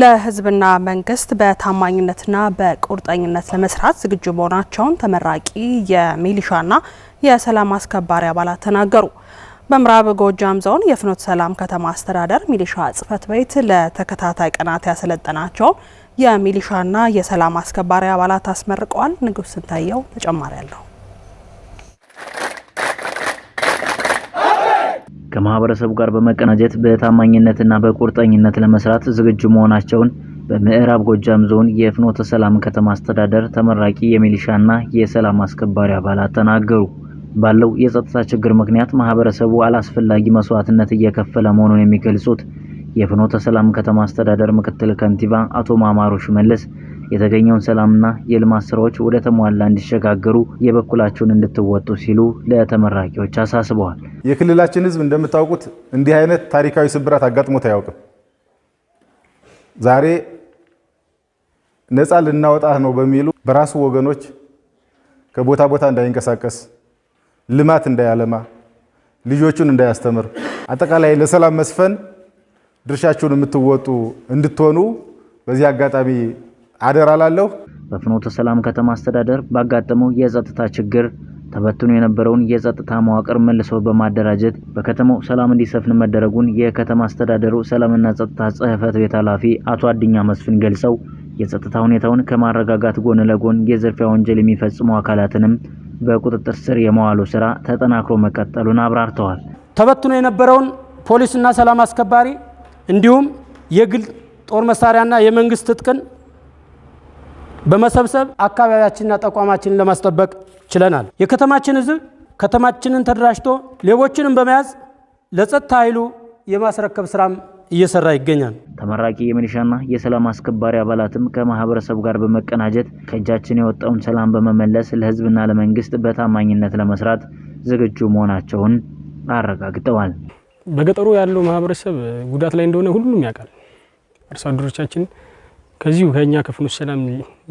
ለህዝብና መንግስት በታማኝነትና በቁርጠኝነት ለመስራት ዝግጁ መሆናቸውን ተመራቂ የሚሊሻና የሰላም አስከባሪ አባላት ተናገሩ። በምዕራብ ጎጃም ዞን የፍኖተ ሰላም ከተማ አስተዳደር ሚሊሻ ጽሕፈት ቤት ለተከታታይ ቀናት ያሰለጠናቸው የሚሊሻና የሰላም አስከባሪ አባላት አስመርቀዋል። ንጉሥ ስንታየው ተጨማሪ አለው። ከማህበረሰቡ ጋር በመቀናጀት በታማኝነትና በቁርጠኝነት ለመስራት ዝግጁ መሆናቸውን በምዕራብ ጎጃም ዞን የፍኖተ ሰላም ከተማ አስተዳደር ተመራቂ የሚሊሻና የሰላም አስከባሪ አባላት ተናገሩ። ባለው የጸጥታ ችግር ምክንያት ማህበረሰቡ አላስፈላጊ መስዋዕትነት እየከፈለ መሆኑን የሚገልጹት የፍኖተ ሰላም ከተማ አስተዳደር ምክትል ከንቲባ አቶ ማማሩ ሽመልስ የተገኘውን ሰላምና የልማት ስራዎች ወደ ተሟላ እንዲሸጋገሩ የበኩላቸውን እንድትወጡ ሲሉ ለተመራቂዎች አሳስበዋል። የክልላችን ህዝብ እንደምታውቁት እንዲህ አይነት ታሪካዊ ስብራት አጋጥሞት አያውቅም። ዛሬ ነፃ ልናወጣህ ነው በሚሉ በራሱ ወገኖች ከቦታ ቦታ እንዳይንቀሳቀስ፣ ልማት እንዳያለማ፣ ልጆቹን እንዳያስተምር፣ አጠቃላይ ለሰላም መስፈን ድርሻችሁን የምትወጡ እንድትሆኑ በዚህ አጋጣሚ አደራ ላለሁ። በፍኖተ ሰላም ከተማ አስተዳደር ባጋጠመው የጸጥታ ችግር ተበትኖ የነበረውን የጸጥታ መዋቅር መልሶ በማደራጀት በከተማው ሰላም እንዲሰፍን መደረጉን የከተማ አስተዳደሩ ሰላምና ጸጥታ ጽህፈት ቤት ኃላፊ አቶ አድኛ መስፍን ገልጸው የጸጥታ ሁኔታውን ከማረጋጋት ጎን ለጎን የዝርፊያ ወንጀል የሚፈጽሙ አካላትንም በቁጥጥር ስር የመዋሉ ስራ ተጠናክሮ መቀጠሉን አብራርተዋል። ተበትኖ የነበረውን ፖሊስና ሰላም አስከባሪ እንዲሁም የግል ጦር መሳሪያና የመንግስት ትጥቅን በመሰብሰብ አካባቢያችንና ተቋማችንን ለማስጠበቅ ችለናል። የከተማችን ህዝብ ከተማችንን ተደራጅቶ ሌቦችንም በመያዝ ለጸጥታ ኃይሉ የማስረከብ ስራም እየሰራ ይገኛል። ተመራቂ የሚሊሻና የሰላም አስከባሪ አባላትም ከማህበረሰቡ ጋር በመቀናጀት ከእጃችን የወጣውን ሰላም በመመለስ ለህዝብና ለመንግስት በታማኝነት ለመስራት ዝግጁ መሆናቸውን አረጋግጠዋል። በገጠሩ ያለው ማህበረሰብ ጉዳት ላይ እንደሆነ ሁሉም ያውቃል። አርሶ አደሮቻችን ከዚሁ ከእኛ ከፍኖተ ሰላም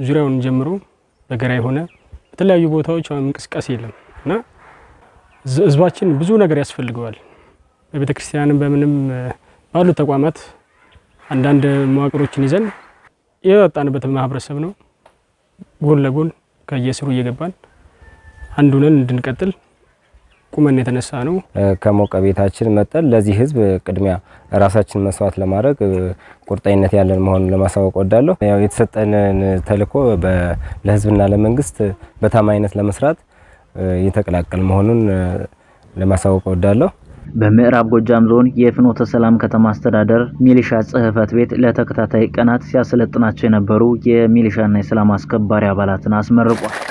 ዙሪያውን ጀምሮ በገራ የሆነ በተለያዩ ቦታዎች አሁን እንቅስቃሴ የለም እና ህዝባችን ብዙ ነገር ያስፈልገዋል። በቤተ ክርስቲያንም በምንም ባሉ ተቋማት አንዳንድ መዋቅሮችን ይዘን የወጣንበት ማህበረሰብ ነው። ጎን ለጎን ከየስሩ እየገባን አንዱ ሆነን እንድንቀጥል ቁመን የተነሳ ነው። ከሞቀ ቤታችን መጠን ለዚህ ህዝብ ቅድሚያ ራሳችን መስዋዕት ለማድረግ ቁርጠኝነት ያለን መሆኑን ለማሳወቅ ወዳለሁ። ያው የተሰጠንን ተልዕኮ ለህዝብና ለመንግስት በታማኝነት ለመስራት የተቀላቀል መሆኑን ለማሳወቅ ወዳለሁ። በምዕራብ ጎጃም ዞን የፍኖተ ሰላም ከተማ አስተዳደር ሚሊሻ ጽህፈት ቤት ለተከታታይ ቀናት ሲያሰለጥናቸው የነበሩ የሚሊሻና የሰላም አስከባሪ አባላትን አስመርቋል።